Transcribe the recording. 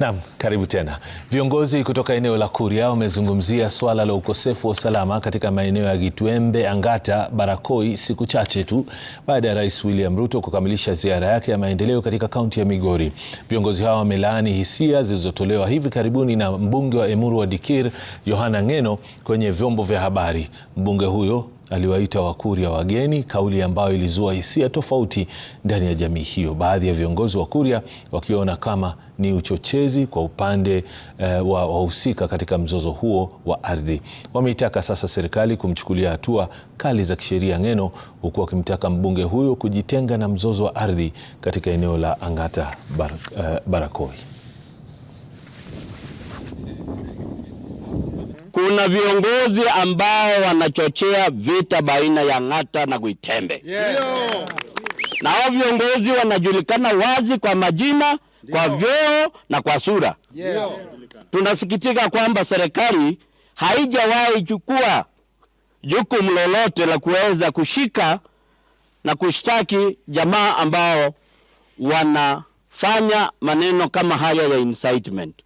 Naam, karibu tena. Viongozi kutoka eneo la Kuria wamezungumzia swala la ukosefu wa usalama katika maeneo ya Gitwembe, Angata, Barakoi siku chache tu baada ya Rais William Ruto kukamilisha ziara yake ya maendeleo katika kaunti ya Migori. Viongozi hao wamelaani hisia zilizotolewa hivi karibuni na mbunge wa Emuru wa Dikir Yohana Ng'eno kwenye vyombo vya habari. Mbunge huyo aliwaita Wakuria wageni, kauli ambayo ilizua hisia tofauti ndani ya jamii hiyo, baadhi ya viongozi wa Kuria wakiona kama ni uchochezi kwa upande eh, wa wahusika katika mzozo huo wa ardhi. Wameitaka sasa serikali kumchukulia hatua kali za kisheria Ng'eno, huku wakimtaka mbunge huyo kujitenga na mzozo wa ardhi katika eneo la Angata eh, Barakoi. Kuna viongozi ambao wanachochea vita baina ya Ng'ata na Gwitembe. Na hao viongozi wanajulikana wazi kwa majina, kwa vyeo na kwa sura. Tunasikitika kwamba serikali haijawahi chukua jukumu lolote la kuweza kushika na kushtaki jamaa ambao wanafanya maneno kama haya ya incitement.